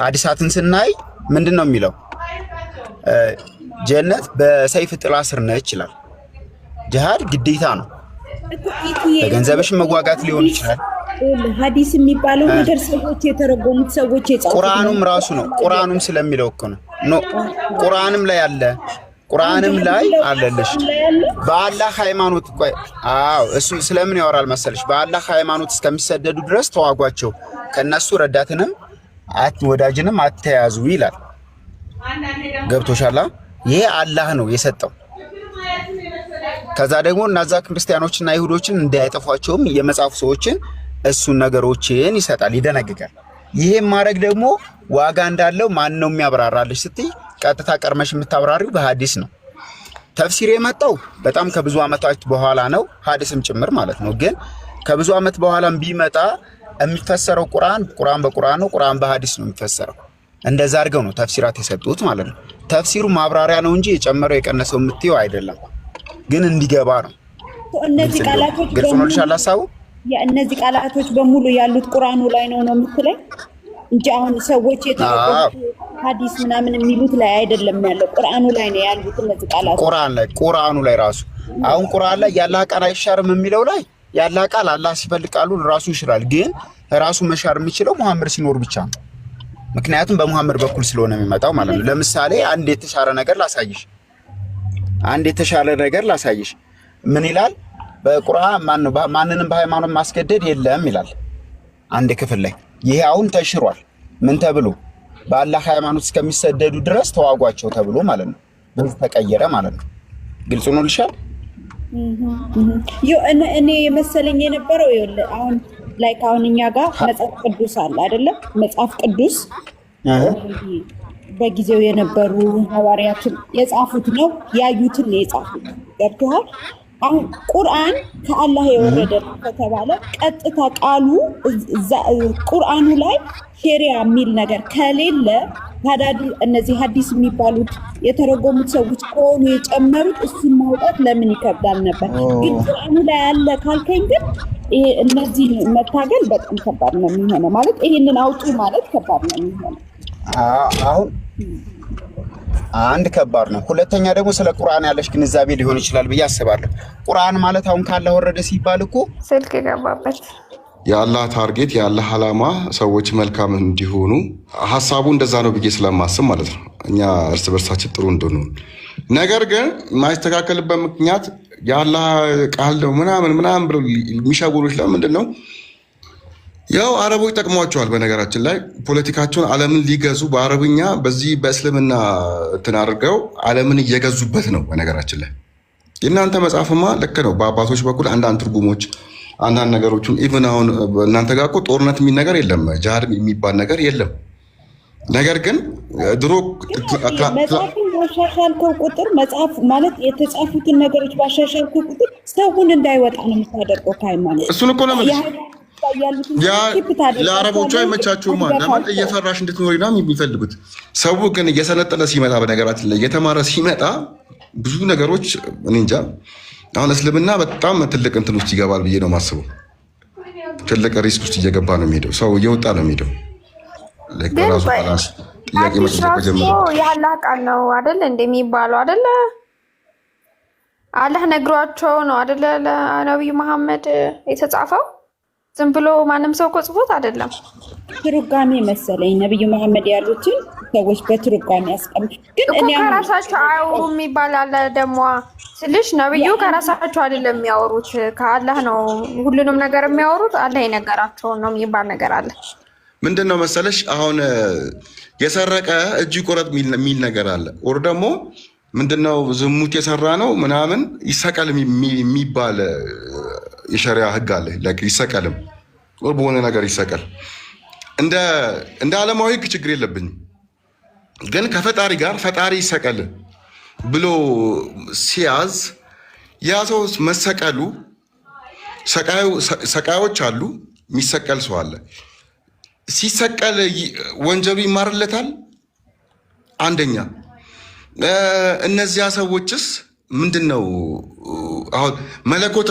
ሀዲሳትን ስናይ ምንድን ነው የሚለው? ጀነት በሰይፍ ጥላ ስር ነች ይችላል። ጅሃድ ግዴታ ነው። በገንዘብሽ መዋጋት ሊሆን ይችላል። ሀዲስ የሚባለው ነገር ሰዎች የተረጎሙት ሰዎች የጻፉት ቁርአኑም ራሱ ነው። ቁርአኑም ስለሚለው እኮ ነው። ኖ ቁርአንም ላይ አለ ቁርአንም ላይ አለለሽ። በአላህ ሃይማኖት ቆይ፣ አዎ እሱ ስለምን ያወራል መሰለሽ? በአላህ ሃይማኖት እስከሚሰደዱ ድረስ ተዋጓቸው ከነሱ ረዳትንም ወዳጅንም አተያዙ ይላል። ገብቶሻላ? ይሄ አላህ ነው የሰጠው። ከዛ ደግሞ እነዛ ክርስቲያኖችና ይሁዶችን እንዳያጠፏቸውም የመጽሐፍ ሰዎችን እሱን ነገሮችን ይሰጣል፣ ይደነግጋል። ይሄም ማድረግ ደግሞ ዋጋ እንዳለው ማን ነው የሚያብራራልሽ ስትይ ቀጥታ ቀርመሽ የምታብራሪው በሀዲስ ነው። ተፍሲር የመጣው በጣም ከብዙ ዓመታት በኋላ ነው፣ ሀዲስም ጭምር ማለት ነው። ግን ከብዙ ዓመት በኋላም ቢመጣ የሚፈሰረው ቁርአን ቁርአን በቁርአን ነው፣ ቁርአን በሀዲስ ነው የሚፈሰረው። እንደዛ አድርገው ነው ተፍሲራት የሰጡት ማለት ነው። ተፍሲሩ ማብራሪያ ነው እንጂ የጨመረው የቀነሰው የምትየው አይደለም፣ ግን እንዲገባ ነው። እነዚህ ቃላቶች ግልጽ ነው ልሻል ሀሳቡ የእነዚህ ቃላቶች በሙሉ ያሉት ቁርአኑ ላይ ነው ነው የምትለኝ እንጂ አሁን ሰዎች የተረጎሙት ሀዲስ ምናምን የሚሉት ላይ አይደለም ያለው፣ ቁርአኑ ላይ ነው ያሉት እነዚህ ቃላቶች ቁርአን ላይ ቁርአኑ ላይ ራሱ አሁን ቁርአን ላይ ያለ ቃል አይሻርም የሚለው ላይ ያለ ቃል አላህ ሲፈልግ ቃሉን ራሱ ይሽራል። ግን ራሱ መሻር የሚችለው መሐመድ ሲኖር ብቻ ነው። ምክንያቱም በመሐመድ በኩል ስለሆነ የሚመጣው ማለት ነው። ለምሳሌ አንድ የተሻረ ነገር ላሳይሽ፣ አንድ የተሻለ ነገር ላሳይሽ። ምን ይላል በቁርአን? ማን ማንንም በሃይማኖት ማስገደድ የለም ይላል አንድ ክፍል ላይ። ይሄ አሁን ተሽሯል። ምን ተብሎ በአላህ ሃይማኖት እስከሚሰደዱ ድረስ ተዋጓቸው ተብሎ ማለት ነው። በዚህ ተቀየረ ማለት ነው። ግልጽ ነው ልሻል እኔ የመሰለኝ የነበረው አሁን ላይ አሁን እኛ ጋር መጽሐፍ ቅዱስ አለ አይደለም? መጽሐፍ ቅዱስ በጊዜው የነበሩ ሐዋርያትን የጻፉት ነው ያዩትን የጻፉት ገብቶሃል? አሁን ቁርአን ከአላህ የወረደ ከተባለ ቀጥታ ቃሉ ቁርአኑ ላይ ሼሪያ የሚል ነገር ከሌለ ታዳዲ እነዚህ ሀዲስ የሚባሉት የተረጎሙት ሰዎች ከሆኑ የጨመሩት እሱን ማውጣት ለምን ይከብዳል ነበር። ግን ቁርአኑ ላይ ያለ ካልከኝ ግን እነዚህ መታገል በጣም ከባድ ነው የሚሆነው። ማለት ይህንን አውጡ ማለት ከባድ ነው የሚሆነው አሁን አንድ ከባድ ነው። ሁለተኛ ደግሞ ስለ ቁርአን ያለሽ ግንዛቤ ሊሆን ይችላል ብዬ አስባለሁ። ቁርአን ማለት አሁን ካለ ወረደ ሲባል እኮ ስልክ ገባበት የአላህ ታርጌት የአላህ ዓላማ ሰዎች መልካም እንዲሆኑ ሀሳቡ እንደዛ ነው ብዬ ስለማስብ ማለት ነው። እኛ እርስ በርሳችን ጥሩ እንድንሆን ነገር ግን የማይስተካከልበት ምክንያት የአላህ ቃል ነው ምናምን ምናምን ብለው የሚሻጉሎች ለምንድን ነው ያው አረቦች ጠቅሟቸዋል። በነገራችን ላይ ፖለቲካቸውን ዓለምን ሊገዙ በአረብኛ በዚህ በእስልምና እንትን አድርገው ዓለምን እየገዙበት ነው። በነገራችን ላይ የእናንተ መጽሐፍማ ልክ ነው። በአባቶች በኩል አንዳንድ ትርጉሞች፣ አንዳንድ ነገሮችን ኢቨን አሁን እናንተ ጋር እኮ ጦርነት የሚል ነገር የለም፣ ጃሃድ የሚባል ነገር የለም። ነገር ግን ድሮ ባሻሻልከው ቁጥር መጽሐፍ ማለት የተጻፉትን ነገሮች ባሻሻልከው ቁጥር ሰውን እንዳይወጣ ነው የምታደርገው ከሃይማኖት እሱን እኮ ነው ለአረቦቹ ማ ለምን እየፈራሽ እንድትኖሪ ነው የሚፈልጉት። ሰው ግን እየሰለጠነ ሲመጣ በነገራችን ላይ እየተማረ ሲመጣ ብዙ ነገሮች እኔ እንጃ። አሁን እስልምና በጣም ትልቅ እንትን ውስጥ ይገባል ብዬ ነው የማስበው። ትልቅ ሪስክ ውስጥ እየገባ ነው የሚሄደው፣ ሰው እየወጣ ነው የሚሄደው። ራሱ ራስ ጥያቄ መጠየቅ ጀምሮ ቃል ነው አደለ እንደሚባለው አደለ አላህ ነግሯቸው ነው አደለ ለነቢዩ መሐመድ የተጻፈው ዝም ብሎ ማንም ሰው እኮ አይደለም። ትርጓሜ መሰለኝ ነብዩ መሐመድ ያሉትን ሰዎች በትርጓሜ ያስቀም ግን ከራሳቸው ከራሳቸው የሚባል አለ ደግሞ ስልሽ ነብዩ ከራሳቸው አይደለም የሚያወሩት ከአላህ ነው። ሁሉንም ነገር የሚያወሩት አላህ የነገራቸውን ነው የሚባል ነገር አለ። ምንድን ነው መሰለሽ አሁን የሰረቀ እጅ ቁረጥ የሚል ነገር አለ። ወር ደግሞ ምንድነው ዝሙት የሰራ ነው ምናምን ይሰቀል የሚባል የሸሪያ ህግ አለ። ይሰቀልም በሆነ ነገር ይሰቀል፣ እንደ ዓለማዊ ህግ ችግር የለብኝም። ግን ከፈጣሪ ጋር ፈጣሪ ይሰቀል ብሎ ሲያዝ ያ ሰው መሰቀሉ ሰቃዮች አሉ፣ የሚሰቀል ሰው አለ። ሲሰቀል ወንጀሉ ይማርለታል። አንደኛ እነዚያ ሰዎችስ ምንድን ነው አሁን መለኮተ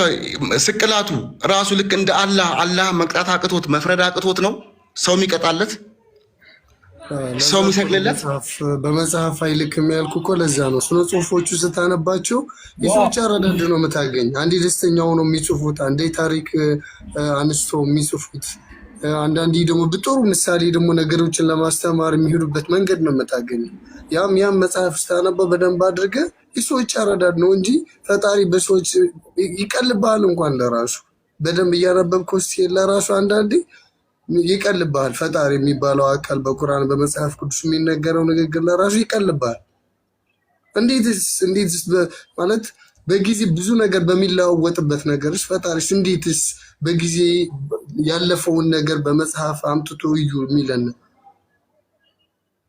ስቅላቱ ራሱ ልክ እንደ አላህ አላህ መቅጣት አቅቶት መፍረድ አቅቶት ነው ሰው የሚቀጣለት ሰው የሚሰቅልለት በመጽሐፍ አይልክም የሚያልኩ እኮ ለዛ ነው። ስነ ጽሁፎቹ ስታነባቸው የሰዎች አረዳድ ነው የምታገኝ። አንዴ ደስተኛ ሆኖ የሚጽፉት፣ አንዴ ታሪክ አንስቶ የሚጽፉት አንዳንዴ ደግሞ በጥሩ ምሳሌ ደግሞ ነገሮችን ለማስተማር የሚሄዱበት መንገድ ነው የምታገኘው። ያም ያም መጽሐፍ ስታነበው በደንብ አድርገ የሰዎች አረዳድ ነው እንጂ ፈጣሪ በሰዎች ይቀልብሃል። እንኳን ለራሱ በደንብ እያነበብ ስትሄድ ለራሱ አንዳንዴ ይቀልብሃል። ፈጣሪ የሚባለው አካል በቁርአን በመጽሐፍ ቅዱስ የሚነገረው ንግግር ለራሱ ይቀልብሃል። እንዴት እንዴት ማለት በጊዜ ብዙ ነገር በሚለዋወጥበት ነገርስ ፈጣሪስ እንዴትስ በጊዜ ያለፈውን ነገር በመጽሐፍ አምጥቶ እዩ የሚለን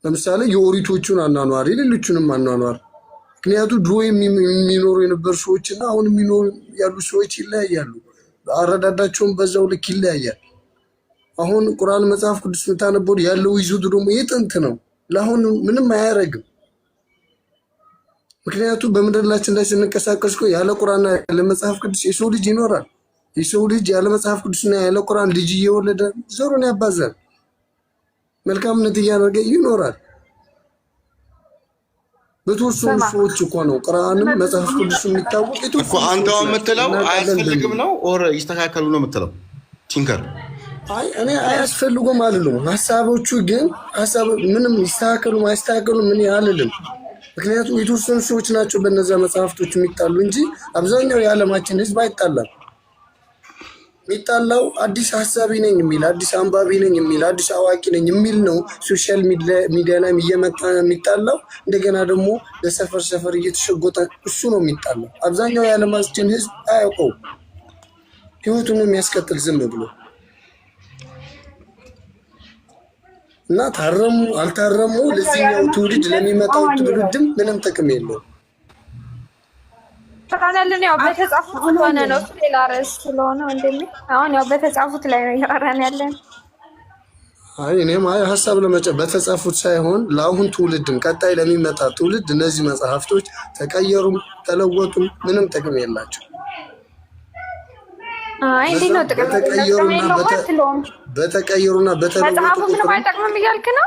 ለምሳሌ የኦሪቶቹን አኗኗር የሌሎቹንም አኗኗር ምክንያቱ ድሮ የሚኖሩ የነበሩ ሰዎች እና አሁን የሚኖሩ ያሉ ሰዎች ይለያያሉ። አረዳዳቸውን በዛው ልክ ይለያያል። አሁን ቁርአን መጽሐፍ ቅዱስ የምታነበሩ ያለው ይዞቱ ደግሞ የጥንት ነው። ለአሁን ምንም አያደረግም ምክንያቱም በምድራችን ላይ ስንንቀሳቀስ እኮ ያለ ቁርአንና ያለ መጽሐፍ ቅዱስ የሰው ልጅ ይኖራል። የሰው ልጅ ያለ መጽሐፍ ቅዱስና ያለ ቁርአን ልጅ እየወለደ ዘሩን ያባዛል፣ መልካምነት እያደረገ ይኖራል። በተወሰኑ ሰዎች እኮ ነው ቁርአንም መጽሐፍ ቅዱስ የሚታወቅ እኮ። አንተ የምትለው አያስፈልግም ነው ኦር ይስተካከሉ ነው የምትለው ቲንከር? አይ እኔ አያስፈልጉም አልልም። ሀሳቦቹ ግን ሀሳብ ምንም ይስተካከሉ ማይስተካከሉ ምን አልልም ምክንያቱም የተወሰኑ ሰዎች ናቸው በነዛ መጽሐፍቶች የሚጣሉ እንጂ አብዛኛው የዓለማችን ህዝብ አይጣላም። የሚጣላው አዲስ ሀሳቢ ነኝ የሚል አዲስ አንባቢ ነኝ የሚል አዲስ አዋቂ ነኝ የሚል ነው። ሶሻል ሚዲያ ላይ እየመጣ የሚጣላው እንደገና ደግሞ ለሰፈር ሰፈር እየተሸጎጠ እሱ ነው የሚጣላው። አብዛኛው የዓለማችን ህዝብ አያውቀው፣ ህይወቱን የሚያስቀጥል ዝም ብሎ እና ታረሙ አልታረሙ ለዚህኛው ትውልድ ለሚመጣው ትውልድም ምንም ጥቅም የለውም። ተቃላልን ያው በተጻፉት ሆነ ነው ሌላ ርዕስ ስለሆነ ወንድሜ፣ አሁን ያው በተጻፉት ላይ ነው እያወራን ያለን። አይ እኔም አይ ሀሳብ ለመጨ በተጻፉት ሳይሆን ለአሁን ትውልድም ቀጣይ ለሚመጣ ትውልድ እነዚህ መጽሐፍቶች ተቀየሩም ተለወጡም ምንም ጥቅም የላቸው። በተቀየሩና በተለወጡ ቁጥር አይጠቅምም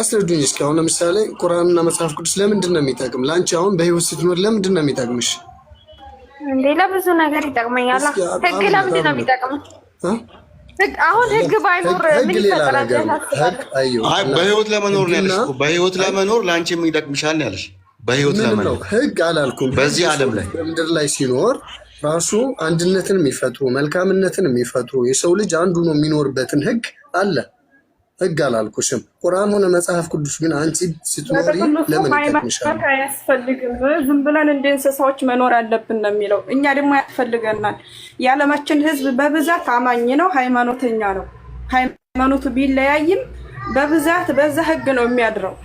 አስረዱኝ እስኪ። አሁን ለምሳሌ ቁርአንና መጽሐፍ ቅዱስ ለምንድን ነው የሚጠቅም? ለአንቺ አሁን በህይወት ስትኖር ለምንድን ነው የሚጠቅምሽ? እንዴ ለብዙ ነገር ይጠቅመኛል። ህግ ለምንድን ነው አሁን ህግ ባይኖር በህይወት ለመኖር ነው ያለሽ። በህይወት ለመኖር ለአንቺ የሚጠቅምሻል ያለሽ በህይወት ለመኖር ህግ አላልኩም። በዚህ ዓለም ላይ በምድር ላይ ሲኖር ራሱ አንድነትን የሚፈጥሩ መልካምነትን የሚፈጥሩ የሰው ልጅ አንዱ ነው የሚኖርበትን ህግ አለ። ህግ አላልኩሽም። ቁርአን ሆነ መጽሐፍ ቅዱስ ግን አንቺ ስትኖሪ ለምን አያስፈልግም፣ ዝም ብለን እንደ እንስሳዎች መኖር አለብን ነው የሚለው። እኛ ደግሞ ያስፈልገናል። የዓለማችን ህዝብ በብዛት አማኝ ነው፣ ሃይማኖተኛ ነው። ሃይማኖቱ ቢለያይም በብዛት በዛ ህግ ነው የሚያድረው።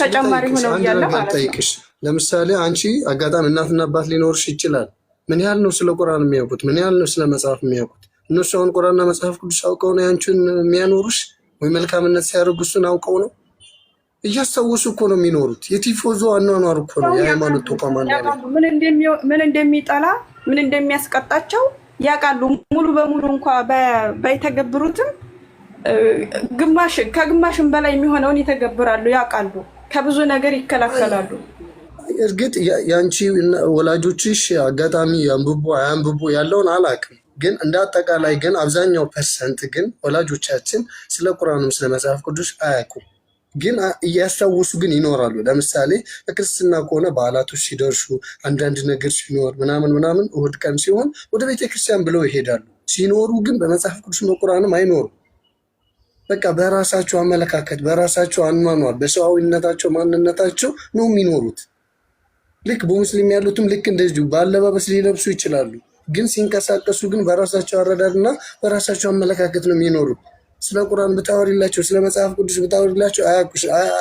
ተጨማሪ ሆነው እያለ ማለት ነው። ለምሳሌ አንቺ አጋጣሚ እናትና አባት ሊኖርሽ ይችላል። ምን ያህል ነው ስለ ቁርአን የሚያውቁት? ምን ያህል ነው ስለ መጽሐፍ የሚያውቁት? እነሱ አሁን ቁርአንና መጽሐፍ ቅዱስ አውቀው ነው ያንቺን የሚያኖሩሽ ወይ መልካምነት ሲያደርጉ እሱን አውቀው ነው እያስታወሱ እኮ ነው የሚኖሩት። የቲፎዞ አኗኗር እኮ ነው የሃይማኖት ተቋም ምን እንደሚጠላ ምን እንደሚያስቀጣቸው ያውቃሉ ሙሉ በሙሉ እንኳ ባይተገብሩትም ግማሽ ከግማሽም በላይ የሚሆነውን ይተገብራሉ፣ ያውቃሉ፣ ከብዙ ነገር ይከላከላሉ። እርግጥ የአንቺ ወላጆችሽ አጋጣሚ አንብቦ አያንብቦ ያለውን አላውቅም፣ ግን እንደ አጠቃላይ ግን አብዛኛው ፐርሰንት ግን ወላጆቻችን ስለ ቁርአኑም ስለ መጽሐፍ ቅዱስ አያውቁም፣ ግን እያስታወሱ ግን ይኖራሉ። ለምሳሌ በክርስትና ከሆነ በዓላቶች ሲደርሱ አንዳንድ ነገር ሲኖር ምናምን ምናምን እሁድ ቀን ሲሆን ወደ ቤተክርስቲያን ብለው ይሄዳሉ። ሲኖሩ ግን በመጽሐፍ ቅዱስ በቁርአንም አይኖሩም። በቃ በራሳቸው አመለካከት፣ በራሳቸው አኗኗር፣ በሰዋዊነታቸው ማንነታቸው ነው የሚኖሩት። ልክ በሙስሊም ያሉትም ልክ እንደዚሁ በአለባበስ ሊለብሱ ይችላሉ። ግን ሲንቀሳቀሱ ግን በራሳቸው አረዳድና በራሳቸው አመለካከት ነው የሚኖሩት። ስለ ቁርአን ብታወሪላቸው፣ ስለ መጽሐፍ ቅዱስ ብታወሪላቸው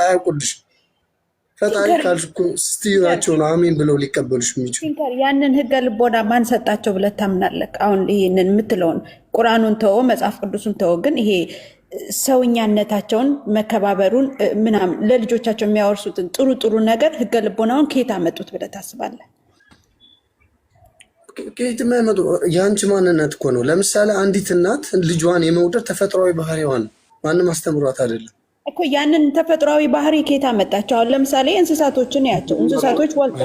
አያቁድሽ ፈጣሪ ካልኩ ስትዩራቸው ነው አሜን ብለው ሊቀበሉሽ የሚችሉ ያንን ህገ ልቦና ማን ሰጣቸው ብለህ ታምናለህ? አሁን ይህንን የምትለውን ቁርአኑን ተወ፣ መጽሐፍ ቅዱሱን ተወ፣ ግን ይሄ ሰውኛነታቸውን መከባበሩን ምናምን ለልጆቻቸው የሚያወርሱትን ጥሩ ጥሩ ነገር ህገ ልቦናውን ከየት አመጡት ብለህ ታስባለህ? ከየት የማይመጡ የአንቺ ማንነት እኮ ነው። ለምሳሌ አንዲት እናት ልጇን የመውደድ ተፈጥሯዊ ባህሪዋ ማንም አስተምሯት አይደለም። እኮ ያንን ተፈጥሯዊ ባህሪ ኬታ አመጣቸው? አሁን ለምሳሌ እንስሳቶችን ያቸው እንስሳቶች ወልጦ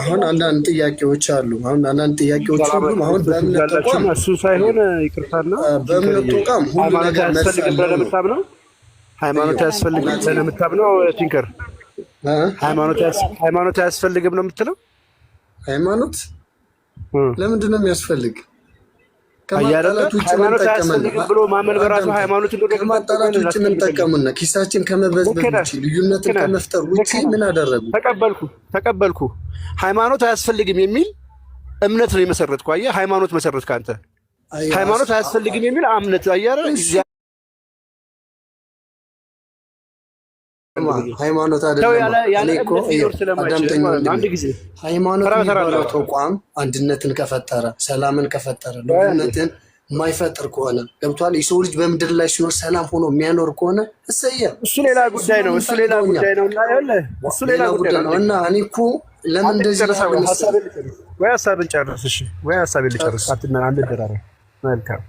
አሁን አንዳንድ ጥያቄዎች አሉ። አሁን አንዳንድ ጥያቄዎች አሉ። አሁን በእምነት ተቋም እሱ ሳይሆን ይቅርታና በእምነት ተቋም ሁሉ ነገር ያስፈልግ ብለህ ለምታምነው ሃይማኖት ያስፈልግ ብለህ ለምታምነው ቲንከር ሃይማኖት አያስፈልግም ነው የምትለው? ሃይማኖት ለምንድን ነው የሚያስፈልግ? ከማጣላት ውጭ ምን ሃይማኖት ከማጣላት ውጭ ምን ኪሳችን ከመበዝበዝ ውጭ ልዩነትን ከመፍጠር ውጭ ምን አደረጉ? ተቀበልኩ ተቀበልኩ ሃይማኖት አያስፈልግም የሚል እምነት ነው የመሰረትኩ። አየህ ሃይማኖት መሰረት ከአንተ ሃይማኖት አያስፈልግም የሚል እምነት አያረ ሃይማኖት የሚባለው ተቋም አንድነትን ከፈጠረ ሰላምን ከፈጠረ ልዩነትን የማይፈጥር ከሆነ ገብቷል። የሰው ልጅ በምድር ላይ ሲኖር ሰላም ሆኖ የሚያኖር ከሆነ እሰየም። እሱ ሌላ ጉዳይ ነው። እሱ ሌላ ጉዳይ ነው። እሱ ሌላ ጉዳይ ነው እና እኔ እኮ ለምን እንደዚህ ወይ ሀሳብን ጨርስ፣ ወይ ሀሳብን ልጨርስ። አትመ አንድ ደራረ መልካም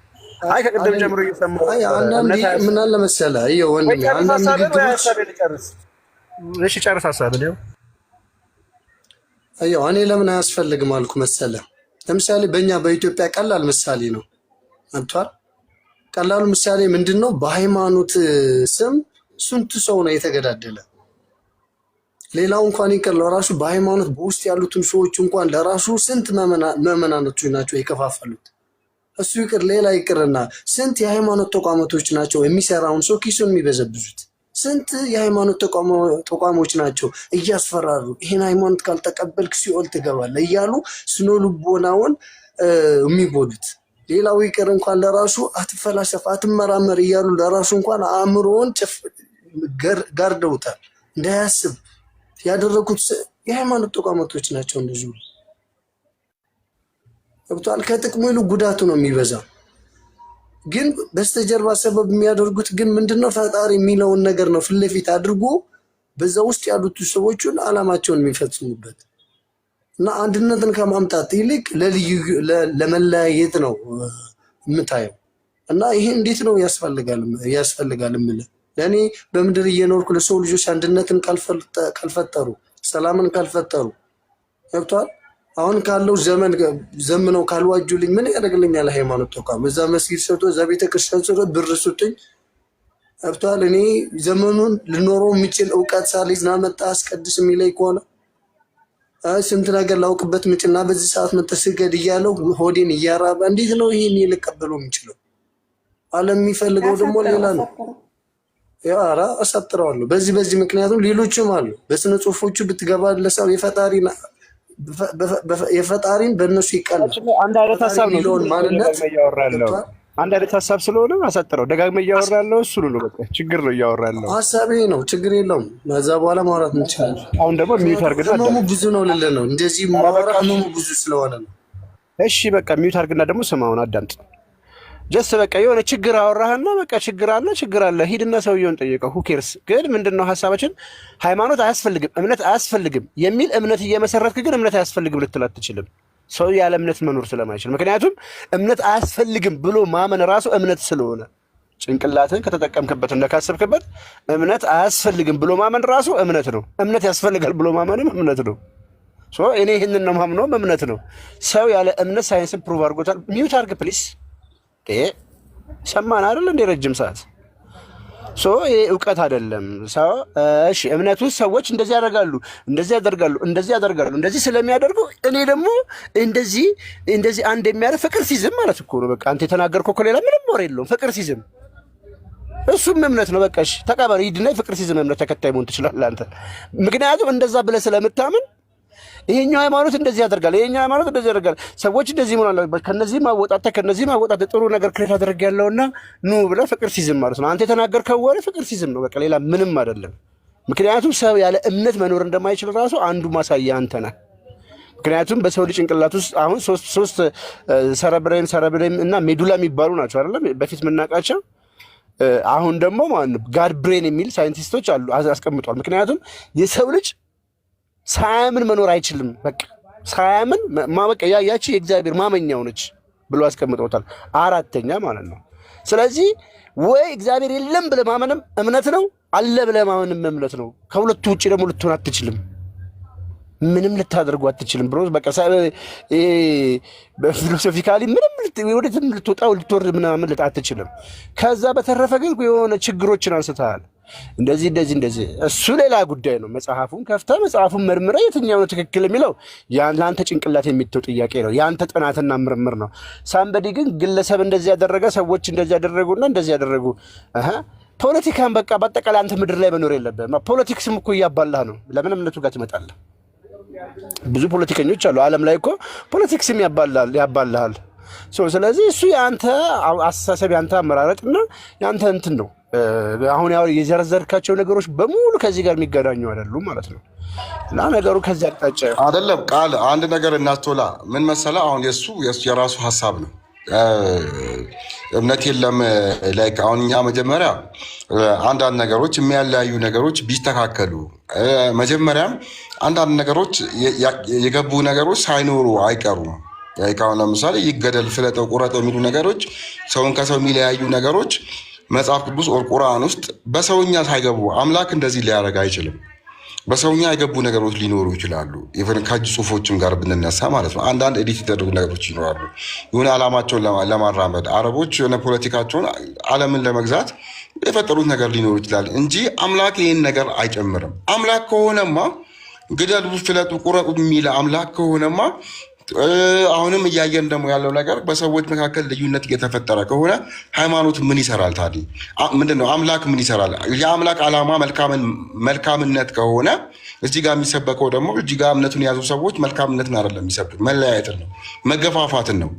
አይ ከቅድም ጀምሮ እየሰማሁ አንዳንዴ ምን አለ መሰለህ፣ ይኸው ወንድሜ አንዳንድ ንግግሮች እሺ፣ ጨርስ ሀሳብህን። ይኸው እኔ ለምን አያስፈልግም አልኩ መሰለህ። ለምሳሌ በእኛ በኢትዮጵያ ቀላል ምሳሌ ነው አብቷል። ቀላሉ ምሳሌ ምንድን ነው? በሃይማኖት ስም ስንት ሰው ነው የተገዳደለ። ሌላው እንኳን ይቀለው ራሱ በሃይማኖት በውስጥ ያሉትን ሰዎች እንኳን ለራሱ ስንት መመናኖች ናቸው የከፋፈሉት እሱ ይቅር ሌላ ይቅርና ስንት የሃይማኖት ተቋማቶች ናቸው የሚሰራውን ሰው ኪሱን የሚበዘብዙት? ስንት የሃይማኖት ተቋሞች ናቸው እያስፈራሩ ይህን ሃይማኖት ካልተቀበልክ ሲኦል ትገባለህ እያሉ ስነ ልቦናውን የሚጎዱት። ሌላው ይቅር እንኳን ለራሱ አትፈላሰፍ፣ አትመራመር እያሉ ለራሱ እንኳን አእምሮውን ጋርደውታል እንዳያስብ ያደረጉት የሃይማኖት ተቋማቶች ናቸው እንደዚሁ ገብቷል። ከጥቅሙ ይሉ ጉዳቱ ነው የሚበዛው። ግን በስተጀርባ ሰበብ የሚያደርጉት ግን ምንድነው? ፈጣሪ የሚለውን ነገር ነው ፊት ለፊት አድርጎ በዛ ውስጥ ያሉት ሰዎችን አላማቸውን የሚፈጽሙበት እና አንድነትን ከማምጣት ይልቅ ለመለያየት ነው የምታየው። እና ይሄ እንዴት ነው ያስፈልጋል የምልህ ለእኔ በምድር እየኖርኩ ለሰው ልጆች አንድነትን ካልፈጠሩ፣ ሰላምን ካልፈጠሩ ገብቷል አሁን ካለው ዘመን ዘምነው ካልዋጁልኝ ምን ያደርግልኛል? ሃይማኖት ተቋም እዛ መስጊድ ሰርቶ እዛ ቤተክርስቲያን ሰርቶ ብር ስጡኝ ገብቷል። እኔ ዘመኑን ልኖረው የሚችል እውቀት ሳልይዝ ና መጣ አስቀድስ የሚለኝ ከሆነ ስንት ነገር ላውቅበት ምችል ና በዚህ ሰዓት መተስገድ እያለው ሆዴን እያራበ እንዴት ነው ይህን ልቀበሉ የሚችለው? አለ የሚፈልገው ደግሞ ሌላ ነው። ራ አሳጥረዋለሁ። በዚህ በዚህ ምክንያቱም ሌሎችም አሉ። በስነ ጽሁፎቹ ብትገባ ለሰው የፈጣሪ የፈጣሪን በእነሱ ይቀላል። አንድ አይነት ሀሳብ ነው ማንነት እያወራለሁ። አንድ አይነት ሀሳብ ስለሆነ አሳጥረው ደጋግመ እያወራለው እሱ ሉሉ በቃ ችግር ነው እያወራለው ሀሳብ ይሄ ነው፣ ችግር የለውም። ከዛ በኋላ ማውራት እንችላለን። አሁን ደግሞ ሚዩት አድርግና ህመሙ ብዙ ነው ልልህ ነው። እንደዚህ ማውራት ህመሙ ብዙ ስለሆነ ነው። እሺ በቃ ሚዩት አርግና ደግሞ ስማውን አዳምጥ። ጀስ በቃ የሆነ ችግር አወራህና በቃ ችግር አለ ችግር አለ ሂድና ሰውየውን ጠየቀው። ሁኬርስ ግን ምንድን ነው ሀሳባችን፣ ሃይማኖት አያስፈልግም እምነት አያስፈልግም የሚል እምነት እየመሰረትክ ግን እምነት አያስፈልግም ልትል አትችልም። ሰው ያለ እምነት መኖር ስለማይችል፣ ምክንያቱም እምነት አያስፈልግም ብሎ ማመን ራሱ እምነት ስለሆነ ጭንቅላትን ከተጠቀምክበት እና እምነት አያስፈልግም ብሎ ማመን ራሱ እምነት ነው። እምነት ያስፈልጋል ብሎ ማመንም እምነት ነው። እኔ ይህንን ነው ማምነውም እምነት ነው። ሰው ያለ እምነት ሳይንስን ፕሩቭ አድርጎታል። ሚዩት አርግ ፕሊስ። ሰማን አይደል? እንደ ረጅም ሰዓት ሶ ይሄ እውቀት አይደለም። እሺ እምነት ውስጥ ሰዎች እንደዚህ ያደርጋሉ፣ እንደዚህ ያደርጋሉ፣ እንደዚህ ያደርጋሉ። እንደዚህ ስለሚያደርጉ እኔ ደግሞ እንደዚህ እንደዚህ አንድ የሚያደርግ ፍቅር ሲዝም ማለት እኮ ነው። በቃ አንተ የተናገርከው እኮ ሌላ ምንም ወሬ የለውም። ፍቅር ሲዝም እሱም እምነት ነው። በቃ ተቀበል ሂድና፣ ፍቅር ሲዝም እምነት ተከታይ መሆን ትችላለህ አንተ። ምክንያቱም እንደዛ ብለህ ስለምታምን ይሄኛው ሃይማኖት እንደዚህ ያደርጋል፣ ይሄኛው ሃይማኖት እንደዚህ ያደርጋል፣ ሰዎች እንደዚህ መሆን አለበት፣ ከነዚህ ማወጣት ከነዚህ ማወጣት ጥሩ ነገር ክሬት አደረግ ያለውና ኑ ብለህ ፍቅር ሲዝም ማለት ነው። አንተ የተናገርከው ወሬ ፍቅር ሲዝም ነው፣ በቃ ሌላ ምንም አይደለም። ምክንያቱም ሰው ያለ እምነት መኖር እንደማይችል ራሱ አንዱ ማሳያ አንተ ነህ። ምክንያቱም በሰው ልጅ ጭንቅላት ውስጥ አሁን ሶስት ሰረብሬም ሰረብሬም እና ሜዱላ የሚባሉ ናቸው አይደለም በፊት የምናውቃቸው አሁን ደግሞ ጋድ ብሬን የሚል ሳይንቲስቶች አሉ አስቀምጧል። ምክንያቱም የሰው ልጅ ሳያምን መኖር አይችልም። በቃ ሳያምን ማበቃ ያቺ የእግዚአብሔር ማመኛው ነች ብሎ አስቀምጠውታል። አራተኛ ማለት ነው። ስለዚህ ወይ እግዚአብሔር የለም ብለህ ማመንም እምነት ነው፣ አለ ብለህ ማመንም እምነት ነው። ከሁለቱ ውጭ ደግሞ ልትሆን አትችልም። ምንም ልታደርጉ አትችልም ብሎ በቃ በፊሎሶፊካሊ ምንም ወደትም ልትወጣ ልትወርድ ምናምን አትችልም። ከዛ በተረፈ ግን የሆነ ችግሮችን አንስተሃል። እንደዚህ እንደዚህ እንደዚህ እሱ ሌላ ጉዳይ ነው። መጽሐፉን ከፍተህ መጽሐፉን መርምረ የትኛው ነው ትክክል የሚለው ለአንተ ጭንቅላት የሚተው ጥያቄ ነው፣ የአንተ ጥናትና ምርምር ነው። ሳንበዲ ግን ግለሰብ እንደዚህ ያደረገ ሰዎች እንደዚህ ያደረጉና እንደዚህ ያደረጉ ፖለቲካን በቃ በአጠቃላይ አንተ ምድር ላይ መኖር የለብህም። ፖለቲክስም እኮ እያባላህ ነው። ለምን እምነቱ ጋር ትመጣለህ? ብዙ ፖለቲከኞች አሉ። ዓለም ላይ እኮ ፖለቲክስም ያባልሃል። ስለዚህ እሱ የአንተ አስተሳሰብ የአንተ እና የአንተ እንትን ነው። አሁን ያው የዘረዘርካቸው ነገሮች በሙሉ ከዚህ ጋር የሚገናኙ አይደሉም ማለት ነው። እና ነገሩ ከዚህ አቅጣጫ አይደለም። ቃል አንድ ነገር እናስቶላ ምን መሰለህ፣ አሁን የሱ የራሱ ሀሳብ ነው እምነት የለም። ላይ አሁን እኛ መጀመሪያ አንዳንድ ነገሮች የሚያለያዩ ነገሮች ቢስተካከሉ መጀመሪያም አንዳንድ ነገሮች የገቡ ነገሮች ሳይኖሩ አይቀሩም። ላይክ አሁን ለምሳሌ ይገደል፣ ፍለጠው፣ ቁረጠው የሚሉ ነገሮች ሰውን ከሰው የሚለያዩ ነገሮች መጽሐፍ ቅዱስ ኦር ቁርአን ውስጥ በሰውኛ ሳይገቡ አምላክ እንደዚህ ሊያደርግ አይችልም። በሰውኛ የገቡ ነገሮች ሊኖሩ ይችላሉ። ኢቨን ከእጅ ጽሁፎችም ጋር ብንነሳ ማለት ነው አንዳንድ ኤዲት የተደረጉ ነገሮች ይኖራሉ። የሆነ ዓላማቸውን ለማራመድ አረቦች የሆነ ፖለቲካቸውን ዓለምን ለመግዛት የፈጠሩት ነገር ሊኖሩ ይችላል እንጂ አምላክ ይህን ነገር አይጨምርም። አምላክ ከሆነማ ግደሉ፣ ፍለጡ፣ ቁረጡ የሚለ አምላክ ከሆነማ አሁንም እያየን ደግሞ ያለው ነገር በሰዎች መካከል ልዩነት እየተፈጠረ ከሆነ ሃይማኖት ምን ይሰራል ታዲያ? ምንድን ነው አምላክ ምን ይሰራል? የአምላክ ዓላማ መልካምነት ከሆነ እዚህ ጋር የሚሰበከው ደግሞ እዚህ ጋር እምነቱን የያዙ ሰዎች መልካምነትን አይደለም የሚሰብክ መለያየትን ነው፣ መገፋፋትን ነው።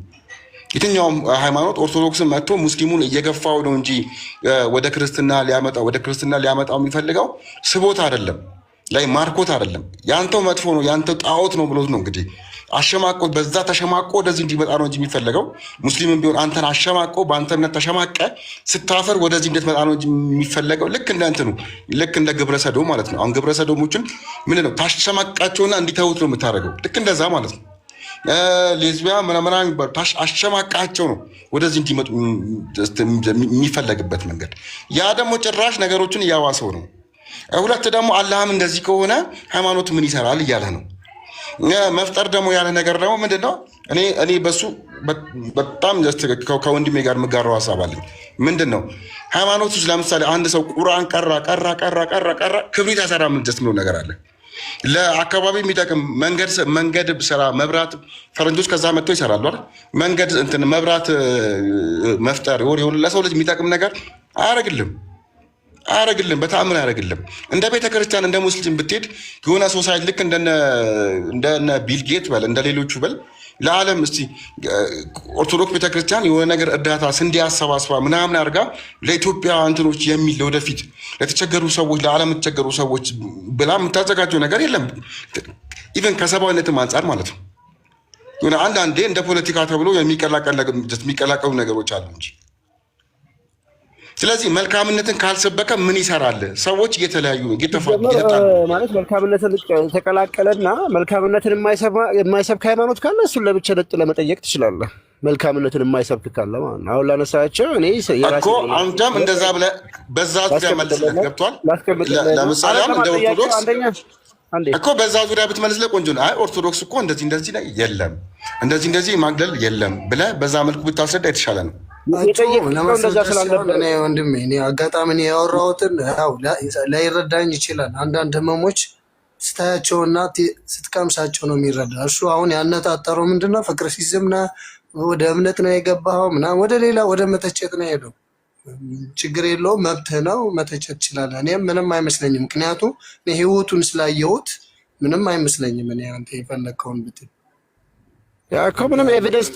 የትኛውም ሃይማኖት ኦርቶዶክስን መጥቶ ሙስሊሙን እየገፋው ነው እንጂ ወደ ክርስትና ሊያመጣው ወደ ክርስትና ሊያመጣው የሚፈልገው ስቦት አይደለም ላይ ማርኮት አይደለም። ያንተው መጥፎ ነው ያንተው ጣዖት ነው ብሎት ነው እንግዲህ አሸማቆ በዛ ተሸማቆ ወደዚህ እንዲመጣ ነው እንጂ የሚፈለገው ሙስሊምም ቢሆን አንተን አሸማቆ እምነት ተሸማቀ ስታፈር ወደዚህ እንድትመጣ ነው እንጂ የሚፈለገው ልክ እንደ እንትኑ ልክ እንደ ግብረ ሰዶም ማለት ነው። አሁን ግብረ ሰዶሞችን ምንድን ነው ታሸማቃቸውና እንዲተውት ነው የምታደርገው። ልክ እንደዛ ማለት ነው። ሌዝቢያ ምናምና የሚባሉ አሸማቃቸው ነው ወደዚህ እንዲመጡ የሚፈለግበት መንገድ። ያ ደግሞ ጭራሽ ነገሮችን እያዋሰው ነው። ሁለት ደግሞ አላህም እንደዚህ ከሆነ ሃይማኖት ምን ይሰራል እያለህ ነው መፍጠር ደግሞ ያለ ነገር ደግሞ ምንድን ነው? እኔ እኔ በሱ በጣም ከወንድሜ ጋር የምጋራው ሀሳብ አለኝ። ምንድን ነው ሃይማኖት ውስጥ ለምሳሌ አንድ ሰው ቁርአን ቀራ ቀራ ቀራ ቀራ ቀራ ክብሪት ያሰራ ምንደስ የሚለው ነገር አለ ለአካባቢ የሚጠቅም መንገድ ስራ መብራት ፈረንጆች ከዛ መጥተው ይሰራሉ አይደል? መንገድ እንትን መብራት መፍጠር የሆነ ለሰው ልጅ የሚጠቅም ነገር አያደርግልም። አያደርግልም፣ በተአምር አያደርግልም። እንደ ቤተ ክርስቲያን እንደ ሙስሊም ብትሄድ የሆነ ሶሳይቲ ልክ እንደነ ቢልጌት በል እንደ ሌሎቹ በል ለዓለም እስቲ ኦርቶዶክስ ቤተክርስቲያን የሆነ ነገር እርዳታ ስንዴ አሰባስባ ምናምን አድርጋ ለኢትዮጵያ እንትኖች የሚል ለወደፊት ለተቸገሩ ሰዎች ለዓለም የተቸገሩ ሰዎች ብላ የምታዘጋጀው ነገር የለም። ኢቨን ከሰብአዊነትም አንጻር ማለት ነው። የሆነ አንዳንዴ እንደ ፖለቲካ ተብሎ የሚቀላቀሉ ነገሮች አሉ እንጂ ስለዚህ መልካምነትን ካልሰበከ ምን ይሰራል? ሰዎች እየተለያዩ ማለት መልካምነትን ተቀላቀለና መልካምነትን የማይሰብክ ሃይማኖት ካለ እሱን ለብቻ ለጥ ለመጠየቅ ትችላለህ። መልካምነትን የማይሰብክ ካለ ማለት ነው። አሁን ላነሳቸው እኔ እኮ አንተም እንደዛ ብለህ በዛ ዙሪያ መልስለት ገብቷል። ለምሳሌ እንደ ኦርቶዶክስ እኮ በዛ ዙሪያ ብትመልስለት ቆንጆ ነው። አይ ኦርቶዶክስ እኮ እንደዚህ እንደዚህ ላይ የለም እንደዚህ እንደዚህ ማግለል የለም ብለህ በዛ መልኩ ብታስረዳ የተሻለ ነው። ወንድሜ እኔ አጋጣሚ ያወራሁትን ላይረዳኝ ይችላል። አንዳንድ ህመሞች ስታያቸውና ስትቀምሳቸው ነው የሚረዳ። እሱ አሁን ያነጣጠረው ምንድነው? ፍቅር ሲዝም ወደ እምነት ነው የገባው ምና ወደ ሌላ ወደ መተቸት ነው ሄደው። ችግር የለውም መብትህ ነው መተቸት ይችላል። እኔም ምንም አይመስለኝም፣ ምክንያቱም ህይወቱን ስላየሁት ምንም አይመስለኝም። እኔ አንተ የፈለግከውን ብትል እኮ ምንም ኤቪደንስ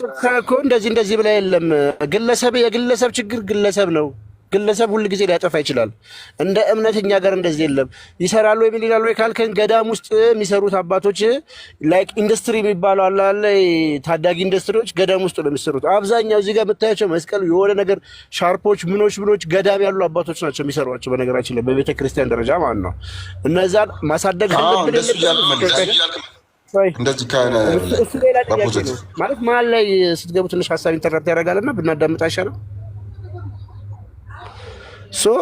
እኮ እንደዚህ እንደዚህ ብላ የለም። ግለሰብ የግለሰብ ችግር ግለሰብ ነው። ግለሰብ ሁል ጊዜ ሊያጠፋ ይችላል። እንደ እምነት እኛ ጋር እንደዚህ የለም። ይሰራሉ ወይ ምን ይላሉ ካልከን ገዳም ውስጥ የሚሰሩት አባቶች ላይክ ኢንዱስትሪ የሚባለው አለ ታዳጊ ኢንዱስትሪዎች ገዳም ውስጥ ነው የሚሰሩት። አብዛኛው እዚህ ጋር የምታያቸው መስቀል የሆነ ነገር ሻርፖች፣ ምኖች ምኖች ገዳም ያሉ አባቶች ናቸው የሚሰሯቸው። በነገራችን ላይ በቤተክርስቲያን ደረጃ ማለት ነው እነዛን ማሳደግ እንደዚህ ከሆነ እሱ ሌላ ጥያቄ ነው ማለት መሀል ላይ ስትገቡ ትንሽ ሀሳብ ኢንተርኔት ያደርጋል እና ብናዳምጥ አይሻልም? ሶ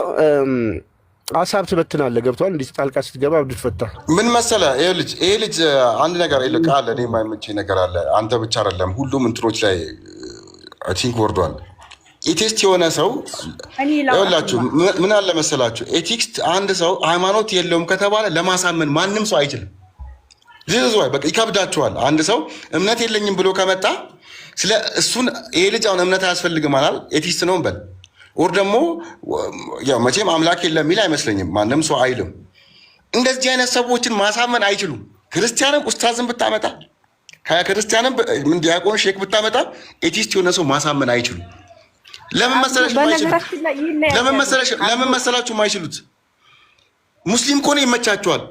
ሀሳብ ትበትናለህ። ገብቶሃል? እንዲህ ጣልቃ ስትገባ አብዱ ትፈታ። ምን መሰለ ይሄ ልጅ ይሄ ልጅ አንድ ነገር ይልቅ አለ እኔ የማይመቸኝ ነገር አለ። አንተ ብቻ አይደለም ሁሉም እንትኖች ላይ አይ ቲንክ ወርዷል። ኢቲስት የሆነ ሰው ይኸውላችሁ፣ ምን አለ መሰላችሁ፣ ኤቲክስት አንድ ሰው ሃይማኖት የለውም ከተባለ ለማሳመን ማንም ሰው አይችልም። ዝዝዋይ በቃ ይከብዳችኋል። አንድ ሰው እምነት የለኝም ብሎ ከመጣ ስለ እሱን ይሄ ልጅ አሁን እምነት አያስፈልግም አላል ኤቲስት ነው በል ኦር ደግሞ ያው መቼም አምላክ የለም የሚል አይመስለኝም፣ ማንም ሰው አይልም። እንደዚህ አይነት ሰዎችን ማሳመን አይችሉም። ክርስቲያንም ኡስታዝን ብታመጣ ከክርስቲያንም ዲያቆን ሼክ ብታመጣ ኤቲስት የሆነ ሰው ማሳመን አይችሉም። ለምን መሰላችሁ የማይችሉት? ሙስሊም ከሆነ ይመቻቸዋል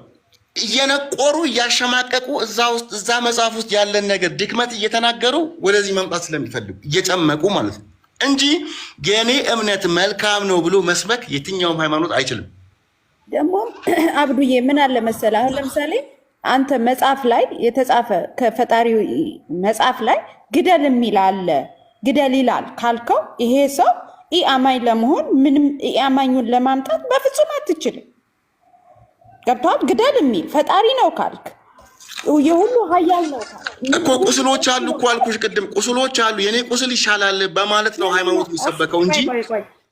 እየነቆሩ እያሸማቀቁ እዛ ውስጥ እዛ መጽሐፍ ውስጥ ያለን ነገር ድክመት እየተናገሩ ወደዚህ መምጣት ስለሚፈልጉ እየጨመቁ ማለት ነው እንጂ የኔ እምነት መልካም ነው ብሎ መስበክ የትኛውም ሃይማኖት አይችልም። ደግሞ አብዱዬ ምን አለ መሰለህ፣ አሁን ለምሳሌ አንተ መጽሐፍ ላይ የተጻፈ ከፈጣሪው መጽሐፍ ላይ ግደል የሚል አለ ግደል ይላል ካልከው ይሄ ሰው ኢአማኝ ለመሆን ምንም ኢአማኙን ለማምጣት በፍጹም አትችልም። ገብቷል። ግደል የሚል ፈጣሪ ነው ካልክ የሁሉ ሀያል ነው እኮ። ቁስሎች አሉ እኮ አልኩሽ ቅድም፣ ቁስሎች አሉ የእኔ ቁስል ይሻላል በማለት ነው ሃይማኖት የሚሰበከው እንጂ